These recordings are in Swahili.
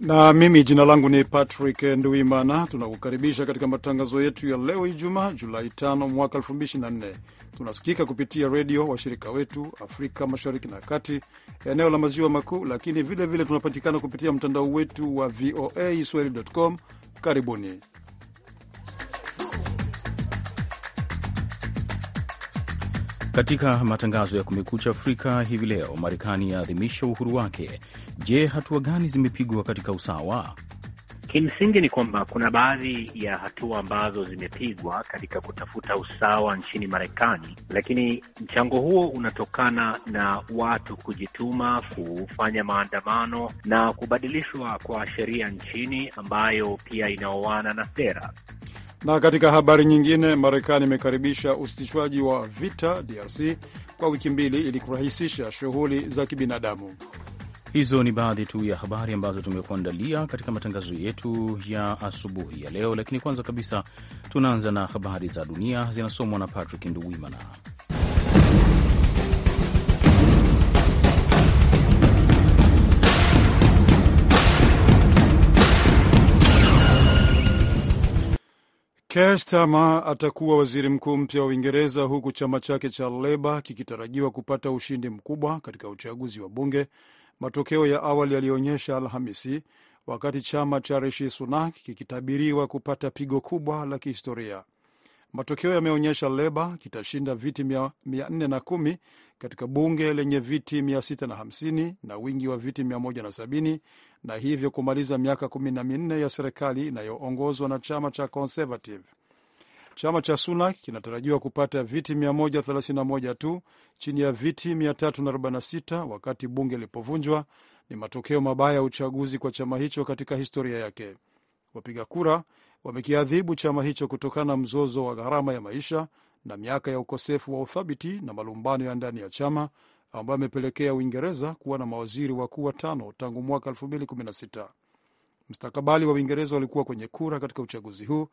na mimi jina langu ni Patrick Nduimana. Tunakukaribisha katika matangazo yetu ya leo Ijumaa, Julai 5 mwaka 2024. Tunasikika kupitia redio washirika wetu Afrika Mashariki na Kati, eneo la maziwa makuu, lakini vilevile tunapatikana kupitia mtandao wetu wa VOA Swahili.com. Karibuni. Katika matangazo ya Kumekucha Afrika hivi leo, Marekani yaadhimisha uhuru wake. Je, hatua gani zimepigwa katika usawa? Kimsingi ni kwamba kuna baadhi ya hatua ambazo zimepigwa katika kutafuta usawa nchini Marekani, lakini mchango huo unatokana na watu kujituma, kufanya maandamano na kubadilishwa kwa sheria nchini ambayo pia inaoana na sera. Na katika habari nyingine, Marekani imekaribisha usitishwaji wa vita DRC kwa wiki mbili ili kurahisisha shughuli za kibinadamu. Hizo ni baadhi tu ya habari ambazo tumekuandalia katika matangazo yetu ya asubuhi ya leo, lakini kwanza kabisa tunaanza na habari za dunia zinasomwa na Patrick Nduwimana. Keir Starmer atakuwa waziri mkuu mpya wa Uingereza, huku chama chake cha Leba kikitarajiwa kupata ushindi mkubwa katika uchaguzi wa bunge, matokeo ya awali yaliyoonyesha Alhamisi, wakati chama cha Rishi Sunak kikitabiriwa kupata pigo kubwa la kihistoria. Matokeo yameonyesha Leba kitashinda viti 410 katika bunge lenye viti 650 na wingi wa viti 170 na hivyo kumaliza miaka kumi na minne ya serikali inayoongozwa na chama cha Conservative. Chama cha Sunak kinatarajiwa kupata viti 131 tu chini ya viti 346 wakati bunge lilipovunjwa. Ni matokeo mabaya ya uchaguzi kwa chama hicho katika historia yake. Wapiga kura wamekiadhibu chama hicho kutokana na mzozo wa gharama ya maisha na miaka ya ukosefu wa uthabiti na malumbano ya ndani ya chama ambayo amepelekea Uingereza kuwa na mawaziri wakuu watano tangu mwaka 2016. Mstakabali wa Uingereza walikuwa kwenye kura katika uchaguzi huu,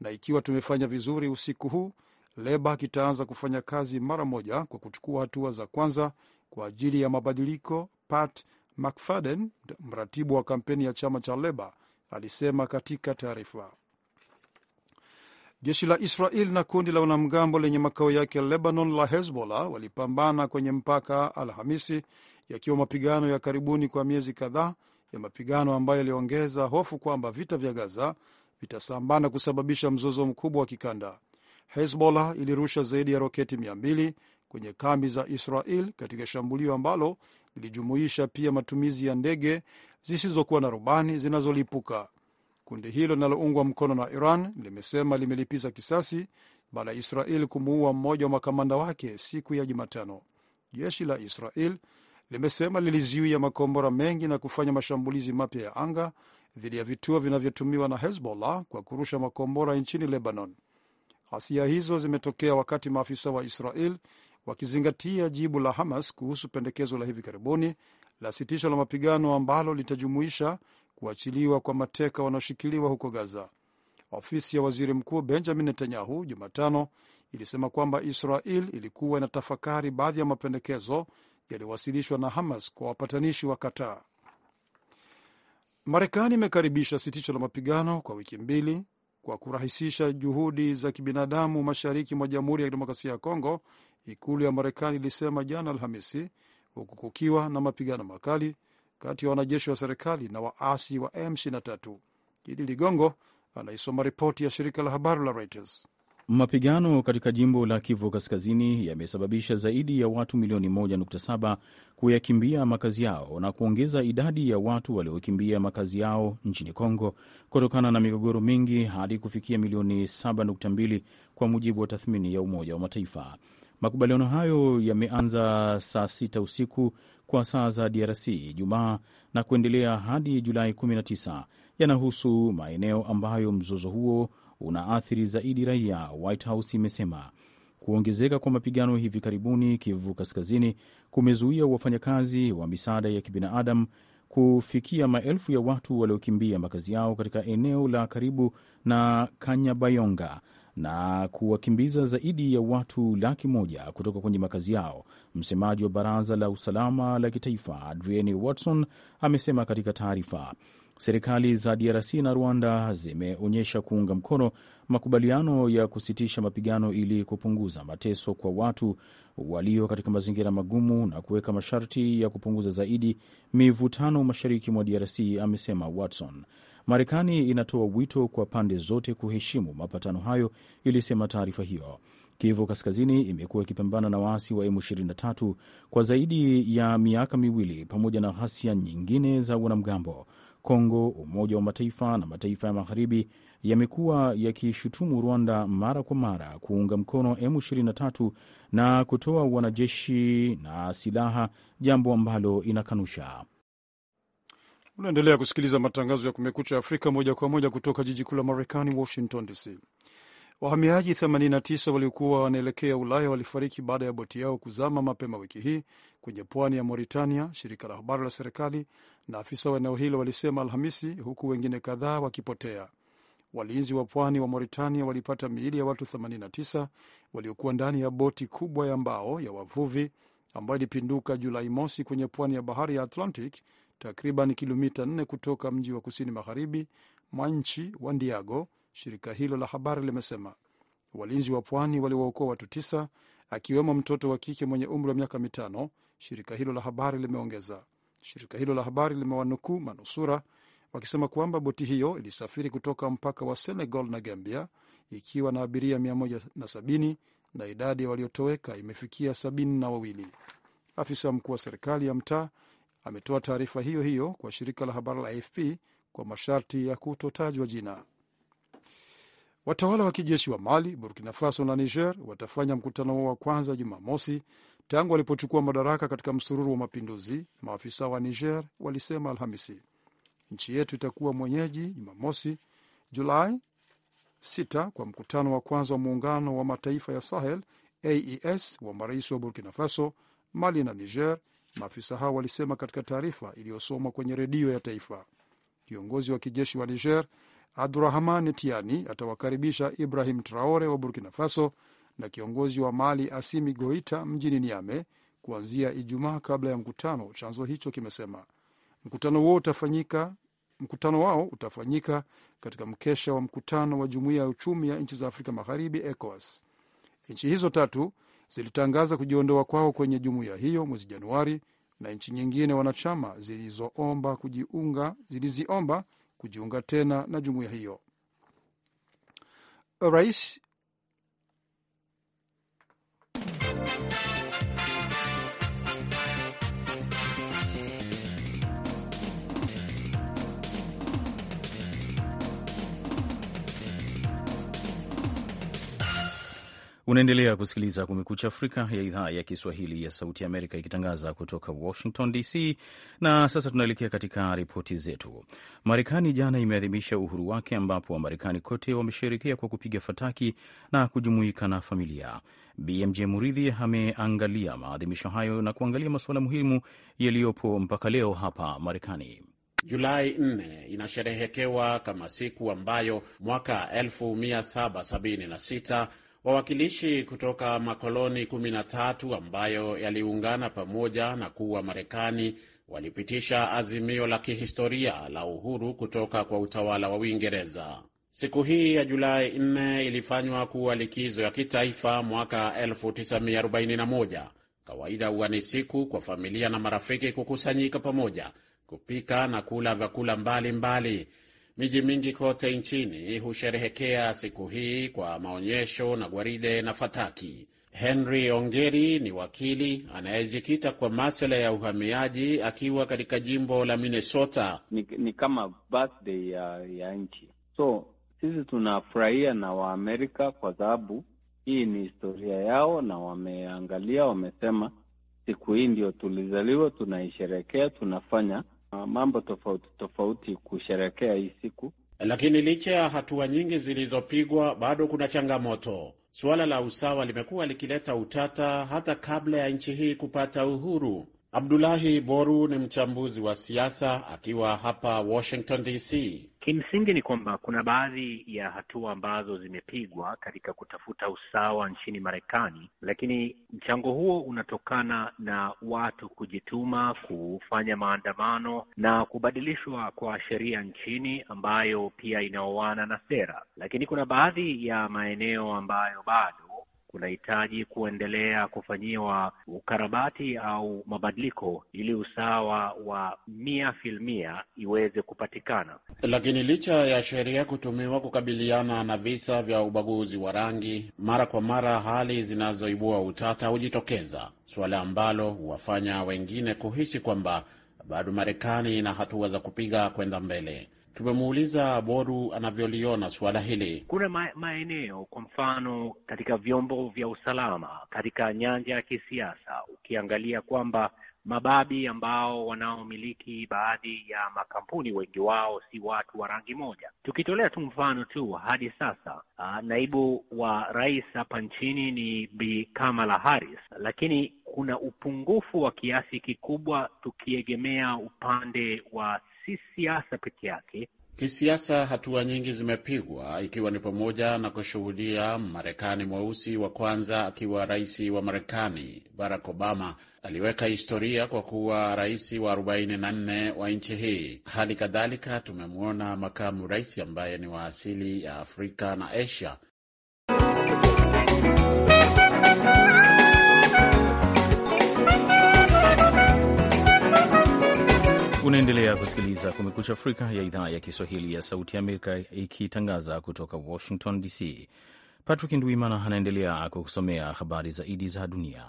na ikiwa tumefanya vizuri usiku huu, Leba kitaanza kufanya kazi mara moja kwa kuchukua hatua za kwanza kwa ajili ya mabadiliko, Pat McFadden, mratibu wa kampeni ya chama cha Leba, alisema katika taarifa. Jeshi la Israel na kundi la wanamgambo lenye makao yake Lebanon la Hezbollah walipambana kwenye mpaka Alhamisi, yakiwa mapigano ya karibuni kwa miezi kadhaa ya mapigano ambayo yaliongeza hofu kwamba vita vya Gaza vitasambaa na kusababisha mzozo mkubwa wa kikanda. Hezbollah ilirusha zaidi ya roketi 200 kwenye kambi za Israel katika shambulio ambalo lilijumuisha pia matumizi ya ndege zisizokuwa na rubani zinazolipuka. Kundi hilo linaloungwa mkono na Iran limesema limelipiza kisasi baada ya Israel kumuua mmoja wa makamanda wake siku ya Jumatano. Jeshi la Israel limesema lilizuia makombora mengi na kufanya mashambulizi mapya ya anga dhidi ya vituo vinavyotumiwa na Hezbollah kwa kurusha makombora nchini Lebanon. Ghasia hizo zimetokea wakati maafisa wa Israel wakizingatia jibu la Hamas kuhusu pendekezo la hivi karibuni la sitisho la mapigano ambalo litajumuisha kuachiliwa kwa mateka wanaoshikiliwa huko Gaza. Ofisi ya waziri mkuu Benjamin Netanyahu Jumatano ilisema kwamba Israel ilikuwa inatafakari baadhi ya mapendekezo yaliyowasilishwa na Hamas kwa wapatanishi wa Kataa. Marekani imekaribisha sitisho la mapigano kwa wiki mbili kwa kurahisisha juhudi za kibinadamu mashariki mwa Jamhuri ya Kidemokrasia ya Kongo, ikulu ya Marekani ilisema jana Alhamisi, huku kukiwa na mapigano makali kati ya wanajeshi wa serikali na waasi wa M23. Idi Ligongo anaisoma ripoti ya shirika la habari la Reuters. Mapigano katika jimbo la Kivu Kaskazini yamesababisha zaidi ya watu milioni 1.7 kuyakimbia makazi yao na kuongeza idadi ya watu waliokimbia makazi yao nchini Kongo kutokana na migogoro mingi hadi kufikia milioni 7.2 kwa mujibu wa tathmini ya Umoja wa Mataifa. Makubaliano hayo yameanza saa sita usiku kwa saa za DRC Ijumaa na kuendelea hadi Julai 19. Yanahusu maeneo ambayo mzozo huo unaathiri zaidi raia, White House imesema. Kuongezeka kwa mapigano hivi karibuni Kivu Kaskazini kumezuia wafanyakazi wa misaada ya kibinadamu kufikia maelfu ya watu waliokimbia makazi yao katika eneo la karibu na Kanyabayonga na kuwakimbiza zaidi ya watu laki moja kutoka kwenye makazi yao. Msemaji wa baraza la usalama la kitaifa Adrienne Watson amesema katika taarifa, serikali za DRC na Rwanda zimeonyesha kuunga mkono makubaliano ya kusitisha mapigano ili kupunguza mateso kwa watu walio katika mazingira magumu na kuweka masharti ya kupunguza zaidi mivutano mashariki mwa DRC, amesema Watson. Marekani inatoa wito kwa pande zote kuheshimu mapatano hayo, ilisema taarifa hiyo. Kivu Kaskazini imekuwa ikipambana na waasi wa M23 kwa zaidi ya miaka miwili pamoja na ghasia nyingine za wanamgambo. Kongo, Umoja wa Mataifa na mataifa ya Magharibi yamekuwa yakishutumu Rwanda mara kwa mara kuunga mkono M23 na kutoa wanajeshi na silaha, jambo ambalo inakanusha. Unaendelea kusikiliza matangazo ya Kumekucha Afrika moja kwa moja kutoka jiji kuu la Marekani, Washington DC. Wahamiaji 89 waliokuwa wanaelekea Ulaya walifariki baada ya boti yao kuzama mapema wiki hii kwenye pwani ya Mauritania, shirika la habari la serikali na afisa wa eneo hilo walisema Alhamisi, huku wengine kadhaa wakipotea. Walinzi wa pwani wa Mauritania walipata miili ya watu 89 waliokuwa ndani ya boti kubwa ya mbao ya wavuvi ambayo ilipinduka Julai mosi kwenye pwani ya bahari ya Atlantic takriban kilomita nne kutoka mji wa kusini magharibi mwa nchi wa Ndiago. Shirika hilo la habari limesema walinzi wa pwani waliwaokoa watu tisa, akiwemo mtoto wa kike mwenye umri wa miaka mitano, shirika hilo la habari limeongeza. Shirika hilo la habari limewanukuu manusura wakisema kwamba boti hiyo ilisafiri kutoka mpaka wa Senegal na Gambia ikiwa na abiria 170 na idadi ya waliotoweka imefikia sabini na wawili. Afisa mkuu wa serikali ya mtaa ametoa taarifa hiyo hiyo kwa shirika la habari la AFP kwa masharti ya kutotajwa jina. Watawala wa kijeshi wa Mali, Burkina Faso na Niger watafanya mkutano wao wa kwanza Jumamosi tangu walipochukua madaraka katika msururu wa mapinduzi, maafisa wa Niger walisema Alhamisi. Nchi yetu itakuwa mwenyeji Jumamosi Julai 6 kwa mkutano wa kwanza wa muungano wa mataifa ya Sahel, AES, wa marais wa Burkina Faso, Mali na Niger maafisa hao walisema katika taarifa iliyosomwa kwenye redio ya taifa. Kiongozi wa kijeshi wa Niger Abdurahman Tiani atawakaribisha Ibrahim Traore wa Burkina Faso na kiongozi wa Mali Asimi Goita mjini Niame kuanzia Ijumaa kabla ya mkutano, chanzo hicho kimesema. Mkutano wao utafanyika mkutano wao utafanyika katika mkesha wa mkutano wa jumuiya ya uchumi ya nchi za Afrika Magharibi, ECOWAS. Nchi hizo tatu zilitangaza kujiondoa kwao kwenye jumuiya hiyo mwezi Januari, na nchi nyingine wanachama zilizoomba kujiunga, ziliziomba kujiunga tena na jumuiya hiyo. Rais Unaendelea kusikiliza Kumekucha Afrika ya idhaa ya Kiswahili ya Sauti Amerika ikitangaza kutoka Washington DC. Na sasa tunaelekea katika ripoti zetu. Marekani jana imeadhimisha uhuru wake, ambapo Wamarekani kote wamesherekea kwa kupiga fataki na kujumuika na familia. BMJ Muridhi ameangalia maadhimisho hayo na kuangalia masuala muhimu yaliyopo mpaka leo hapa Marekani. Julai 4 inasherehekewa kama siku ambayo mwaka 1776 Wawakilishi kutoka makoloni 13 ambayo yaliungana pamoja na kuwa Marekani walipitisha azimio la kihistoria la uhuru kutoka kwa utawala wa Uingereza. Siku hii ya Julai 4 ilifanywa kuwa likizo ya kitaifa mwaka 1941. Kawaida huwa ni siku kwa familia na marafiki kukusanyika pamoja, kupika na kula vyakula mbalimbali mbali. Miji mingi kote nchini husherehekea siku hii kwa maonyesho na gwaride na fataki. Henry Ongeri ni wakili anayejikita kwa masala ya uhamiaji akiwa katika jimbo la Minnesota. Ni, ni kama birthday ya, ya nchi, so sisi tunafurahia na Waamerika kwa sababu hii ni historia yao, na wameangalia, wamesema siku hii ndio tulizaliwa, tunaisherekea, tunafanya Ah, mambo tofauti tofauti kusherekea hii siku. Lakini licha ya hatua nyingi zilizopigwa, bado kuna changamoto. Suala la usawa limekuwa likileta utata hata kabla ya nchi hii kupata uhuru. Abdulahi Boru ni mchambuzi wa siasa akiwa hapa Washington DC. Kimsingi ni kwamba kuna baadhi ya hatua ambazo zimepigwa katika kutafuta usawa nchini Marekani, lakini mchango huo unatokana na watu kujituma, kufanya maandamano na kubadilishwa kwa sheria nchini ambayo pia inaoana na sera, lakini kuna baadhi ya maeneo ambayo bado kunahitaji kuendelea kufanyiwa ukarabati au mabadiliko ili usawa wa mia filmia iweze kupatikana. Lakini licha ya sheria kutumiwa kukabiliana na visa vya ubaguzi wa rangi, mara kwa mara hali zinazoibua utata hujitokeza, suala ambalo huwafanya wengine kuhisi kwamba bado Marekani ina hatua za kupiga kwenda mbele. Tumemuuliza Boru anavyoliona suala hili. Kuna ma maeneo, kwa mfano, katika vyombo vya usalama, katika nyanja ya kisiasa, ukiangalia kwamba mababi ambao wanaomiliki baadhi ya makampuni, wengi wao si watu wa rangi moja. Tukitolea tu mfano tu, hadi sasa aa, naibu wa rais hapa nchini ni Bi Kamala Harris, lakini kuna upungufu wa kiasi kikubwa tukiegemea upande wa si siasa peke yake. Kisiasa, hatua nyingi zimepigwa ikiwa ni pamoja na kushuhudia Marekani mweusi wa kwanza akiwa rais wa Marekani. Barack Obama aliweka historia kwa kuwa rais wa 44 wa nchi hii. Hali kadhalika tumemwona makamu rais ambaye ni wa asili ya Afrika na Asia Unaendelea kusikiliza Kumekucha Afrika ya idhaa ya Kiswahili ya Sauti ya Amerika ikitangaza kutoka Washington DC. Patrick Ndwimana anaendelea kukusomea habari zaidi za dunia.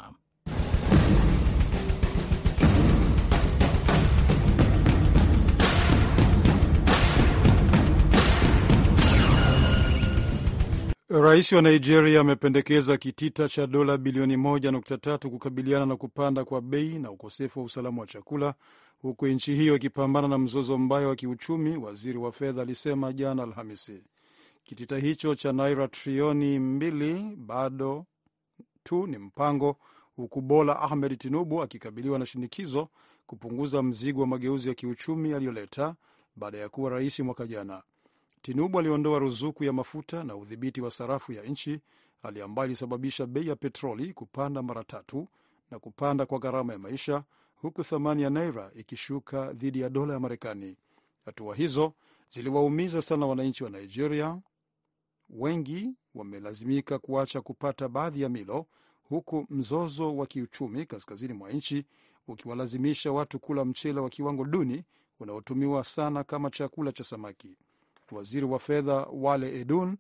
Rais wa Nigeria amependekeza kitita cha dola bilioni 1.3 kukabiliana na kupanda kwa bei na ukosefu wa usalama wa chakula huku nchi hiyo ikipambana na mzozo mbaya wa kiuchumi, waziri wa fedha alisema jana Alhamisi. Kitita hicho cha naira trilioni mbili bado tu ni mpango, huku Bola Ahmed Tinubu akikabiliwa na shinikizo kupunguza mzigo wa mageuzi ya kiuchumi aliyoleta baada ya kuwa rais mwaka jana. Tinubu aliondoa ruzuku ya mafuta na udhibiti wa sarafu ya nchi, hali ambayo ilisababisha bei ya petroli kupanda mara tatu na kupanda kwa gharama ya maisha huku thamani ya naira ikishuka dhidi ya dola ya Marekani. Hatua hizo ziliwaumiza sana wananchi wa Nigeria. Wengi wamelazimika kuacha kupata baadhi ya milo, huku mzozo wa kiuchumi kaskazini mwa nchi ukiwalazimisha watu kula mchele wa kiwango duni unaotumiwa sana kama chakula cha samaki. Waziri wa fedha Wale Edun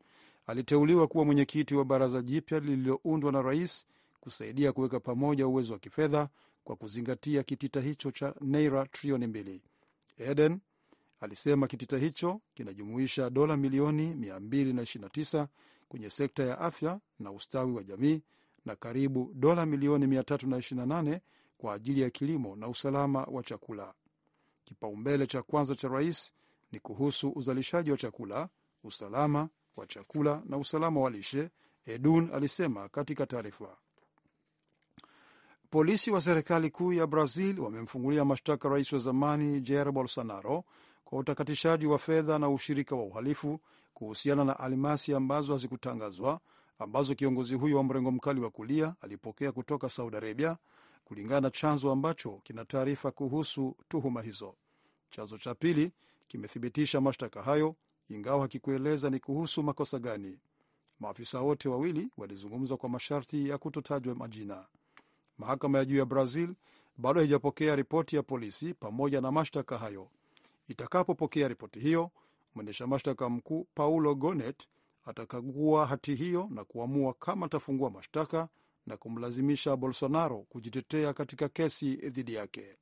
aliteuliwa kuwa mwenyekiti wa baraza jipya lililoundwa na rais kusaidia kuweka pamoja uwezo wa kifedha kwa kuzingatia kitita hicho cha naira trilioni mbili. Eden alisema kitita hicho kinajumuisha dola milioni 229 kwenye sekta ya afya na ustawi wa jamii na karibu dola milioni 328 kwa ajili ya kilimo na usalama wa chakula. Kipaumbele cha kwanza cha rais ni kuhusu uzalishaji wa chakula, usalama wa chakula na usalama wa lishe, Edun alisema katika taarifa. Polisi wa serikali kuu ya Brazil wamemfungulia mashtaka rais wa zamani Jair Bolsonaro kwa utakatishaji wa fedha na ushirika wa uhalifu kuhusiana na almasi ambazo hazikutangazwa ambazo kiongozi huyo wa mrengo mkali wa kulia alipokea kutoka Saudi Arabia, kulingana na chanzo ambacho kina taarifa kuhusu tuhuma hizo. Chanzo cha pili kimethibitisha mashtaka hayo, ingawa hakikueleza ni kuhusu makosa gani. Maafisa wote wawili walizungumza kwa masharti ya kutotajwa majina. Mahakama ya juu ya Brazil bado haijapokea ripoti ya polisi pamoja na mashtaka hayo. Itakapopokea ripoti hiyo, mwendesha mashtaka mkuu Paulo Gonet atakagua hati hiyo na kuamua kama atafungua mashtaka na kumlazimisha Bolsonaro kujitetea katika kesi dhidi yake.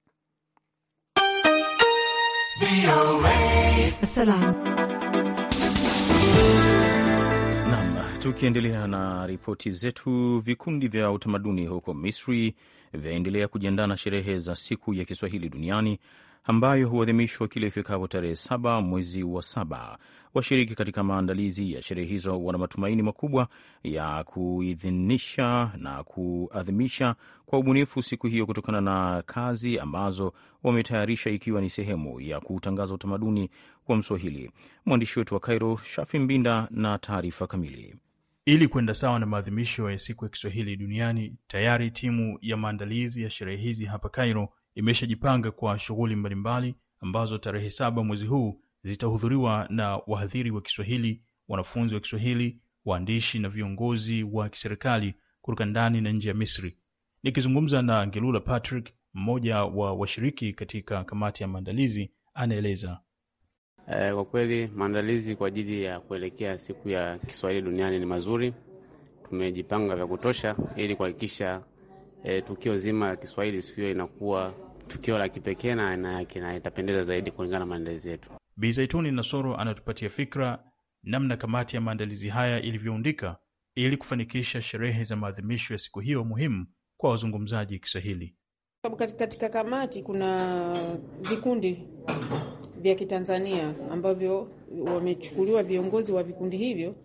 Tukiendelea na ripoti zetu, vikundi vya utamaduni huko Misri vyaendelea kujiandaa na sherehe za siku ya Kiswahili duniani ambayo huadhimishwa kile ifikapo tarehe saba mwezi wa saba. Washiriki katika maandalizi ya sherehe hizo wana matumaini makubwa ya kuidhinisha na kuadhimisha kwa ubunifu siku hiyo kutokana na kazi ambazo wametayarisha ikiwa ni sehemu ya kutangaza utamaduni wa Mswahili. Mwandishi wetu wa Kairo, Shafi Mbinda, na taarifa kamili. Ili kwenda sawa na maadhimisho ya Siku ya Kiswahili Duniani, tayari timu ya maandalizi ya sherehe hizi hapa Cairo imeshajipanga kwa shughuli mbalimbali ambazo tarehe saba mwezi huu zitahudhuriwa na wahadhiri wa Kiswahili, wanafunzi wa Kiswahili, waandishi na viongozi wa kiserikali kutoka ndani na nje ya Misri. Nikizungumza na Ngelula Patrick, mmoja wa washiriki katika kamati ya maandalizi, anaeleza. Eh, kwa kweli maandalizi kwa ajili ya kuelekea siku ya Kiswahili duniani ni mazuri. Tumejipanga vya kutosha ili kuhakikisha eh, tukio zima la Kiswahili siku hiyo inakuwa tukio la kipekee na itapendeza zaidi kulingana na maandalizi yetu. Bi Zaituni Nasoro anatupatia fikra namna kamati ya maandalizi haya ilivyoundika ili kufanikisha sherehe za maadhimisho ya siku hiyo muhimu kwa wazungumzaji Kiswahili. Katika kamati kuna vikundi vya Kitanzania ambavyo wamechukuliwa viongozi wa vikundi hivyo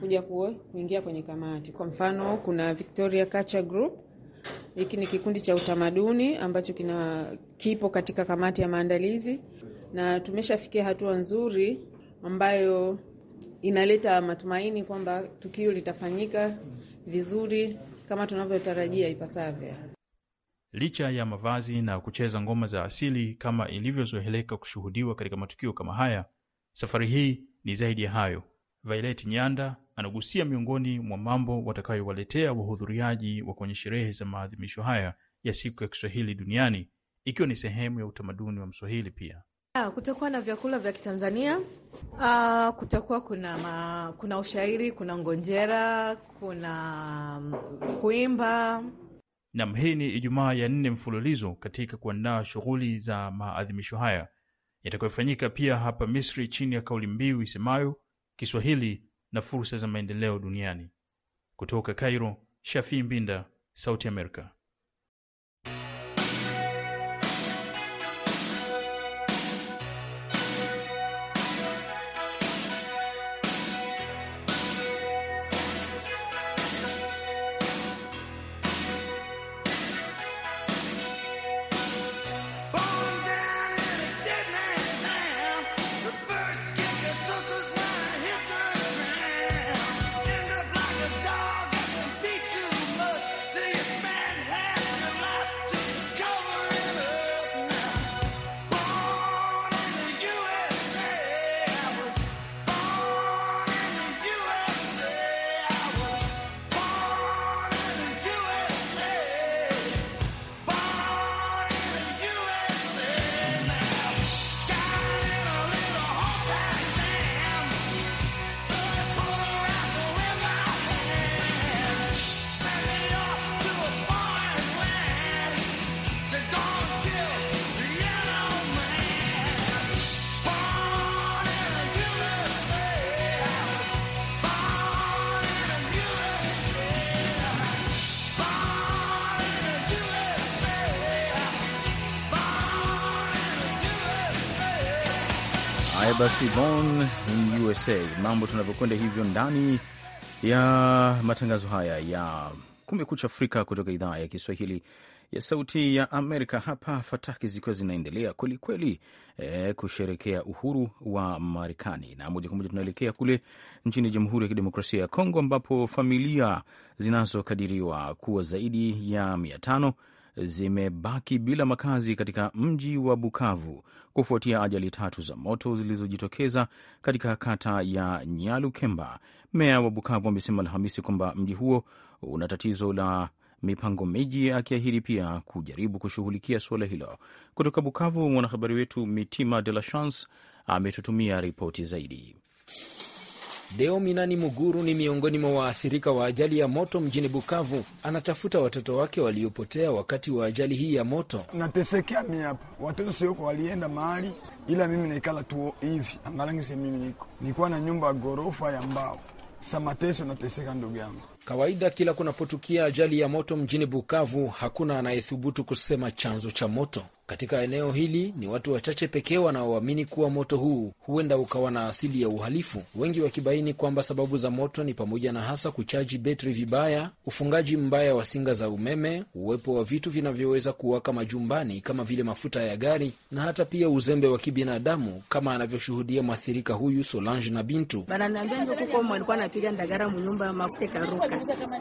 kuja kuingia kwenye kamati. Kwa mfano, kuna Victoria Culture Group. Hiki ni kikundi cha utamaduni ambacho kina kipo katika kamati ya maandalizi, na tumeshafikia hatua nzuri ambayo inaleta matumaini kwamba tukio litafanyika vizuri kama tunavyotarajia ipasavyo. Licha ya mavazi na kucheza ngoma za asili kama ilivyozoeleka kushuhudiwa katika matukio kama haya, safari hii ni zaidi ya hayo. Violet Nyanda anagusia miongoni mwa mambo watakayowaletea wahudhuriaji wa kwenye sherehe za maadhimisho haya ya siku ya Kiswahili duniani ikiwa ni sehemu ya utamaduni wa Mswahili pia. Ah, kutakuwa na vyakula vya Kitanzania. Uh, kutakuwa kuna ma, kuna ushairi, kuna ngonjera, kuna mm, kuimba Nam, hii ni Ijumaa ya nne mfululizo katika kuandaa shughuli za maadhimisho haya yatakayofanyika pia hapa Misri chini ya kauli mbiu isemayo Kiswahili na fursa za maendeleo duniani. Kutoka Cairo, Shafii Mbinda, Sauti Amerika. Haya basi, bon USA, mambo tunavyokwenda hivyo ndani ya matangazo haya ya Kumekucha Afrika kutoka idhaa ya Kiswahili ya Sauti ya Amerika, hapa fataki zikiwa zinaendelea kwelikweli e, eh, kusherekea uhuru wa Marekani. Na moja kwa moja tunaelekea kule nchini Jamhuri ya Kidemokrasia ya Kongo, ambapo familia zinazokadiriwa kuwa zaidi ya mia tano zimebaki bila makazi katika mji wa Bukavu kufuatia ajali tatu za moto zilizojitokeza katika kata ya Nyalukemba. Meya wa Bukavu amesema Alhamisi kwamba mji huo una tatizo la mipango miji, akiahidi pia kujaribu kushughulikia suala hilo. Kutoka Bukavu, mwanahabari wetu Mitima De La Chance ametutumia ripoti zaidi. Deo Minani Muguru ni miongoni mwa waathirika wa ajali ya moto mjini Bukavu. Anatafuta watoto wake waliopotea wakati wa ajali hii ya moto. Natesekea mi hapa, watoto sioko walienda mahali, ila mimi naikala tu hivi angalangise. Mimi niko nikuwa na nyumba ya ghorofa ya mbao, samateso nateseka ndugu yangu. Kawaida kila kunapotukia ajali ya moto mjini Bukavu, hakuna anayethubutu kusema chanzo cha moto. Katika eneo hili ni watu wachache pekee wanaoamini kuwa moto huu huenda ukawa na asili ya uhalifu, wengi wakibaini kwamba sababu za moto ni pamoja na hasa kuchaji betri vibaya, ufungaji mbaya wa singa za umeme, uwepo wa vitu vinavyoweza kuwaka majumbani kama vile mafuta ya gari na hata pia uzembe wa kibinadamu, kama anavyoshuhudia mwathirika huyu Solange na Bintu.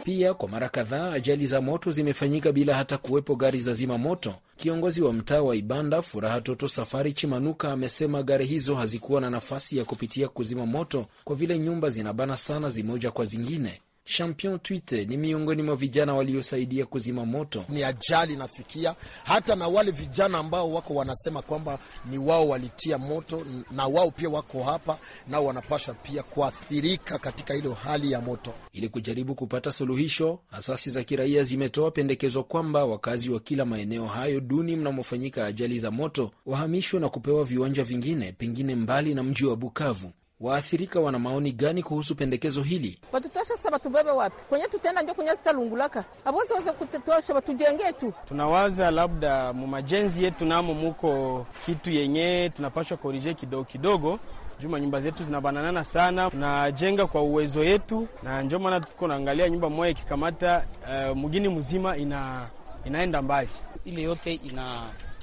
Pia kwa mara kadhaa ajali za moto zimefanyika bila hata kuwepo gari za zima moto. Kiongozi wa mtaa mtaa wa Ibanda, Furaha Toto Safari Chimanuka amesema gari hizo hazikuwa na nafasi ya kupitia kuzima moto kwa vile nyumba zinabana sana zimoja kwa zingine. Champion Twite ni miongoni mwa vijana waliosaidia kuzima moto. Ni ajali inafikia hata na wale vijana ambao wako wanasema kwamba ni wao walitia moto, na wao pia wako hapa, nao wanapasha pia kuathirika katika hilo hali ya moto. Ili kujaribu kupata suluhisho, asasi za kiraia zimetoa pendekezo kwamba wakazi wa kila maeneo hayo duni mnamofanyika ajali za moto wahamishwe na kupewa viwanja vingine, pengine mbali na mji wa Bukavu. Waathirika wana maoni gani kuhusu pendekezo hili? Watutosha sasa, batubebe wapi? Kwenye tutenda njo kwenye zitalungulaka avosiweze kututosha, batujengee tu. Tunawaza labda mumajenzi yetu namo muko kitu yenye tunapashwa korije kidogo kidogo juma nyumba zetu zinabananana sana, tunajenga kwa uwezo yetu, na njo maana tuko naangalia nyumba moja ikikamata uh, eh, mugini mzima ina, inaenda mbali. Ile yote ina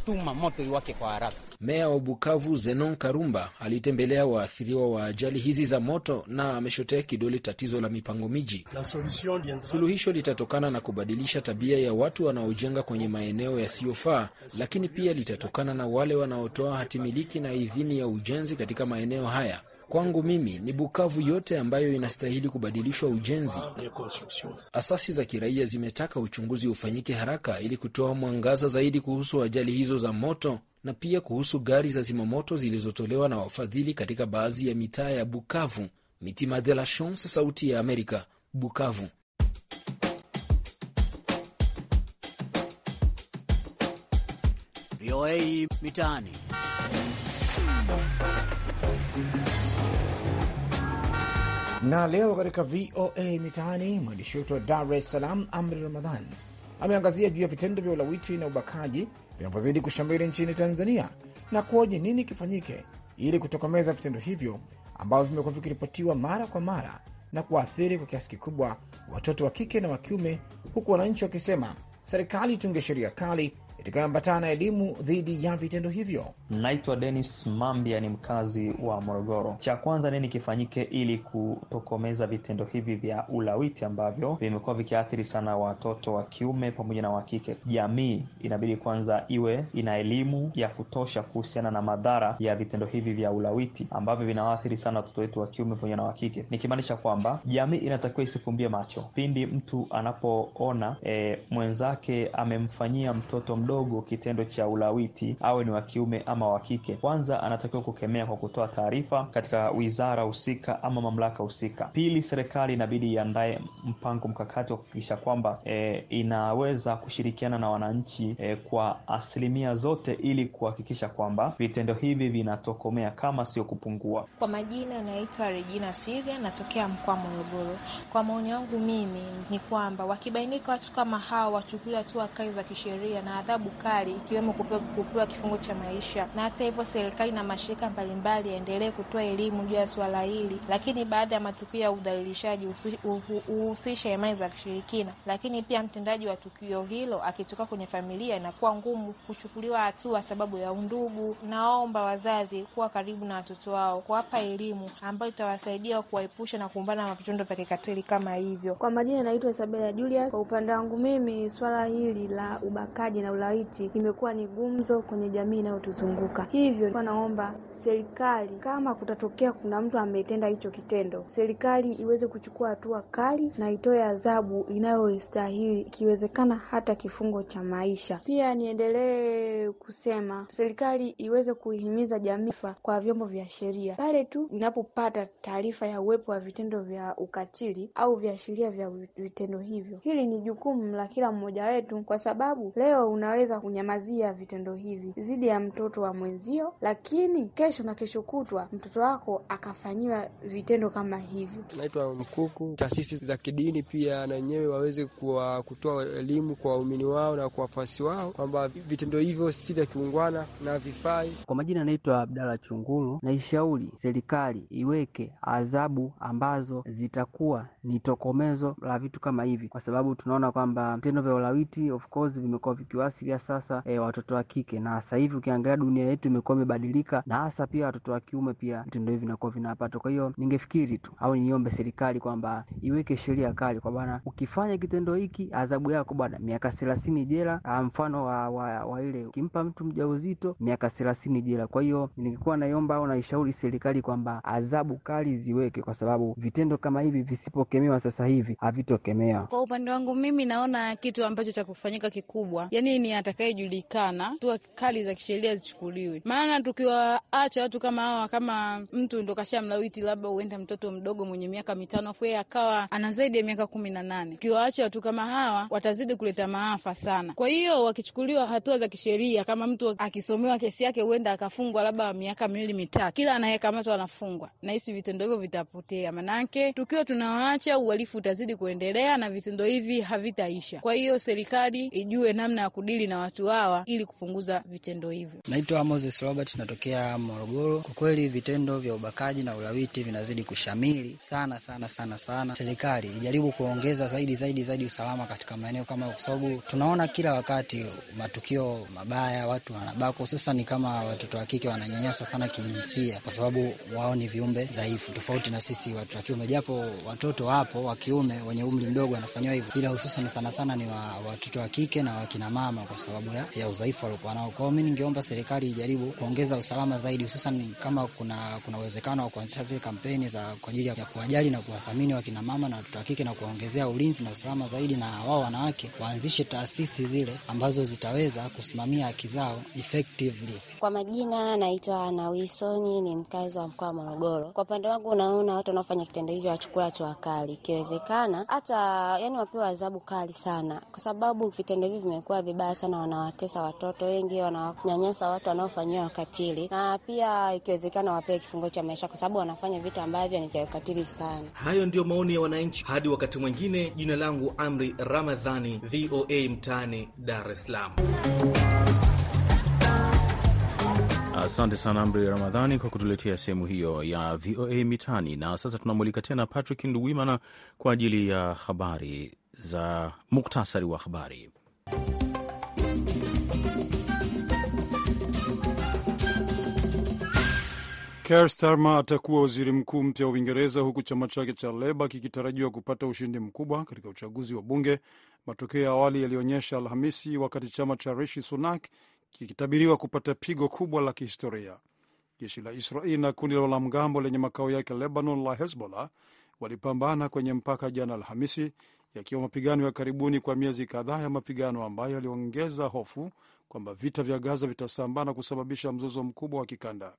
kutuma moto iwake kwa haraka. Meya wa Bukavu Zenon Karumba alitembelea waathiriwa wa ajali hizi za moto na ameshotea kidole tatizo la mipango miji. Suluhisho litatokana na kubadilisha tabia ya watu wanaojenga kwenye maeneo yasiyofaa, lakini pia litatokana na wale wanaotoa hatimiliki na idhini ya ujenzi katika maeneo haya. Kwangu mimi ni Bukavu yote ambayo inastahili kubadilishwa ujenzi. Asasi za kiraia zimetaka uchunguzi ufanyike haraka ili kutoa mwangaza zaidi kuhusu ajali hizo za moto na pia kuhusu gari za zimamoto zilizotolewa na wafadhili katika baadhi ya mitaa ya Bukavu. Mitima de la Chance, Sauti ya Amerika, Bukavu. VOA Mitaani. Na leo katika VOA Mitaani, mwandishi wetu wa Dar es Salaam Amri Ramadhan ameangazia juu ya vitendo vya ulawiti na ubakaji vinavyozidi kushamiri nchini Tanzania na kuoji nini kifanyike ili kutokomeza vitendo hivyo ambavyo vimekuwa vikiripotiwa mara kwa mara na kuwaathiri kwa kiasi kikubwa watoto wa kike na wa kiume, huku wananchi wakisema serikali itunge sheria kali itakayoambatana na elimu dhidi ya vitendo hivyo. Naitwa Denis Mambia, ni mkazi wa Morogoro. Cha kwanza nini kifanyike ili kutokomeza vitendo hivi vya ulawiti ambavyo vimekuwa vikiathiri sana watoto wa kiume pamoja na wa kike? Jamii inabidi kwanza iwe ina elimu ya kutosha kuhusiana na madhara ya vitendo hivi vya ulawiti ambavyo vinawaathiri sana watoto wetu wa kiume pamoja na wa kike, nikimaanisha kwamba jamii inatakiwa isifumbie macho pindi mtu anapoona e, mwenzake amemfanyia mtoto mdogo kidogo kitendo cha ulawiti, awe ni wa kiume ama wa kike, kwanza anatakiwa kukemea kwa kutoa taarifa katika wizara husika ama mamlaka husika. Pili, serikali inabidi iandae mpango mkakati wa kuhakikisha kwamba e, inaweza kushirikiana na wananchi e, kwa asilimia zote ili kuhakikisha kwamba vitendo hivi vinatokomea kama sio kupungua. Kwa majina anaitwa Regina Sizia, natokea mkoa Morogoro. Kwa maoni yangu mimi ni kwamba wakibainika watu kama hawa wachukuliwe hatua kali za kisheria na adhabu adhabu kali ikiwemo kupewa kifungo cha maisha. Na hata hivyo, serikali na mashirika mbalimbali yaendelee kutoa elimu juu ya suala hili, lakini baadhi ya matukio ya udhalilishaji huhusisha imani za kishirikina, lakini pia mtendaji wa tukio hilo akitoka kwenye familia inakuwa ngumu kuchukuliwa hatua sababu ya undugu. Naomba wazazi kuwa karibu na watoto wao, kuwapa elimu ambayo itawasaidia kuwaepusha na kuumbana na vitendo vya kikatili kama hivyo. Kwa majina naitwa Isabela Julius. Kwa upande wangu mimi, swala hili la ubakaji na ula ulawiti imekuwa ni gumzo kwenye jamii inayotuzunguka. Hivyo naomba serikali, kama kutatokea kuna mtu ametenda hicho kitendo, serikali iweze kuchukua hatua kali na itoe adhabu inayostahili, ikiwezekana hata kifungo cha maisha. Pia niendelee kusema serikali iweze kuihimiza jamii kwa vyombo vya sheria pale tu inapopata taarifa ya uwepo wa vitendo vya ukatili au viashiria vya vitendo hivyo. Hili ni jukumu la kila mmoja wetu, kwa sababu leo una unaweza kunyamazia vitendo hivi dhidi ya mtoto wa mwenzio, lakini kesho na kesho kutwa mtoto wako akafanyiwa vitendo kama hivyo. Naitwa Mkuku. Taasisi za kidini pia na wenyewe waweze kuwa kutoa elimu kwa waumini wao na kwa wafuasi wao kwamba vitendo hivyo si vya kiungwana na vifai. Kwa majina anaitwa Abdala Chungulu. Naishauri serikali iweke adhabu ambazo zitakuwa ni tokomezo la vitu kama hivi, kwa sababu tunaona kwamba vitendo vya ulawiti of course vimekuwa vikiwasi kufikia sasa e, watoto wa kike. Na sasa hivi ukiangalia dunia yetu imekuwa imebadilika, na hasa pia watoto wa kiume pia vitendo hivi vinakuwa vinapata. Kwa hiyo ningefikiri tu au niombe serikali kwamba iweke sheria kali kwa bwana, ukifanya kitendo hiki adhabu yako bwana miaka thelathini jela, mfano wa, wa, wa ile ukimpa mtu mja uzito miaka thelathini jela. Kwa hiyo ningekuwa naiomba au naishauri serikali kwamba adhabu kali ziweke, kwa sababu vitendo kama hivi visipokemewa sasa hivi havitokemewa. Kwa upande wangu mimi naona kitu ambacho cha kufanyika kikubwa, yani ni atakayejulikana, hatua kali za kisheria zichukuliwe, maana tukiwaacha watu kama hawa, kama mtu ndo mlawiti, labda huenda mtoto mdogo mwenye miaka mitano afu yeye akawa ana zaidi ya miaka kumi na nane, ukiwaacha watu kama hawa watazidi kuleta maafa sana. Kwa hiyo wakichukuliwa hatua za kisheria, kama mtu akisomewa kesi yake, huenda akafungwa labda miaka miwili mitatu, kila anayekamatwa anafungwa. na hisi vitendo hivyo vitapotea, manake tukiwa tunawaacha uhalifu utazidi kuendelea na vitendo hivi havitaisha. Kwa hiyo serikali ijue namna ya kudili vizuri na watu hawa ili kupunguza vitendo hivyo. Naitwa Moses Robert, natokea Morogoro. Kwa kweli vitendo vya ubakaji na ulawiti vinazidi kushamili sana sana sana sana. Serikali ijaribu kuongeza zaidi zaidi zaidi usalama katika maeneo kama, kwa sababu tunaona kila wakati matukio mabaya, watu wanabakwa, hususani kama watoto wa kike wananyanyaswa sana kijinsia, kwa sababu wao ni viumbe dhaifu, tofauti na sisi watu wa kiume, japo watoto wapo wa kiume wenye umri mdogo wanafanyiwa hivyo, ila hususan sana sana ni wa watoto wa kike na wakinamama kwa sababu ya, ya udhaifu waliokuwa nao. Kwa hiyo mi ningeomba serikali ijaribu kuongeza usalama zaidi, hususan kama kuna kuna uwezekano wa kuanzisha zile kampeni za kwa ajili ya kuwajali na kuwathamini wakinamama na watoto wa kike na kuwaongezea ulinzi na usalama zaidi, na wao wanawake waanzishe taasisi zile ambazo zitaweza kusimamia haki zao effectively. Kwa majina naitwa Nawisoni, ni mkazi wa mkoa wa Morogoro. Kwa upande wangu, unaona watu wanaofanya kitendo hivyo wachukua hatua kali, ikiwezekana hata yani wapewa adhabu kali sana, kwa sababu vitendo hivi vimekuwa vibaya sana sana wanawatesa watoto wengi, wanawanyanyasa watu wanaofanyia ukatili, na pia ikiwezekana wapewe kifungo cha maisha, kwa sababu wanafanya vitu ambavyo ni vya ukatili sana. Hayo ndiyo maoni ya wananchi. Hadi wakati mwingine, jina langu Amri Ramadhani, VOA Mtaani, Dar es Salaam. Asante sana Amri Ramadhani kwa kutuletea sehemu hiyo ya VOA Mitaani. Na sasa tunamulika tena Patrick Nduwimana kwa ajili ya habari za muktasari wa habari. Keir Starmer atakuwa waziri mkuu mpya wa Uingereza, huku chama chake cha Leba kikitarajiwa kupata ushindi mkubwa katika uchaguzi wa bunge, matokeo ya awali yalionyesha Alhamisi, wakati chama cha Rishi Sunak kikitabiriwa kupata pigo kubwa la kihistoria. Jeshi la Israeli na kundi la wanamgambo lenye makao yake Lebanon la Hezbollah walipambana kwenye mpaka jana Alhamisi, yakiwa mapigano ya karibuni kwa miezi kadhaa ya mapigano ambayo yaliongeza hofu kwamba vita vya Gaza vitasambaa na kusababisha mzozo mkubwa wa kikanda.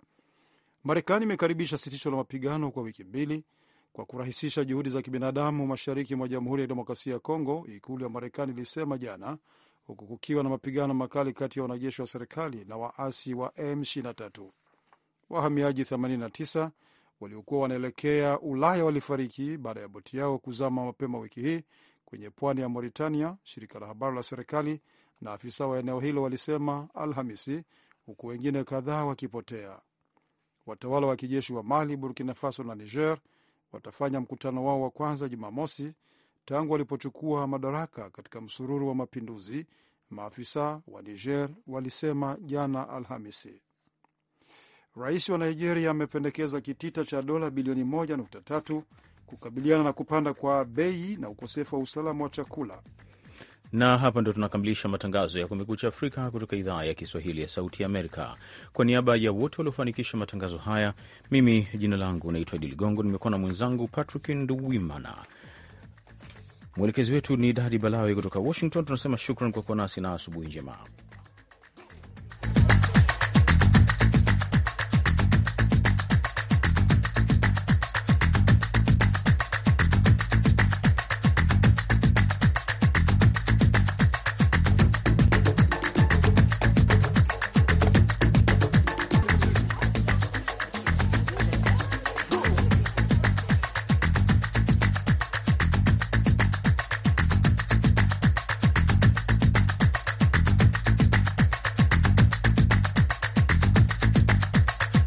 Marekani imekaribisha sitisho la mapigano kwa wiki mbili kwa kurahisisha juhudi za kibinadamu mashariki mwa Jamhuri ya Demokrasia ya Kongo, ikulu ya Marekani ilisema jana, huku kukiwa na mapigano makali kati ya wanajeshi wa serikali na waasi wa M23. Wahamiaji 89 waliokuwa wanaelekea Ulaya walifariki baada ya boti yao kuzama mapema wiki hii kwenye pwani ya Mauritania, shirika la habari la serikali na afisa wa eneo hilo walisema Alhamisi, huku wengine kadhaa wakipotea. Watawala wa kijeshi wa Mali, Burkina Faso na Niger watafanya mkutano wao wa kwanza Jumamosi tangu walipochukua madaraka katika msururu wa mapinduzi, maafisa wa Niger walisema jana Alhamisi. Rais wa Nigeria amependekeza kitita cha dola bilioni 1.3 kukabiliana na kupanda kwa bei na ukosefu wa usalama wa chakula na hapa ndo tunakamilisha matangazo ya Kumekucha Afrika kutoka idhaa ya Kiswahili ya Sauti Amerika. Kwa niaba ya wote waliofanikisha matangazo haya, mimi jina langu naitwa Idi Ligongo, nimekuwa na mwenzangu Patrick Nduwimana. Mwelekezi wetu ni Dadi Balawe kutoka Washington. Tunasema shukran kwa kuwa nasi na asubuhi njema.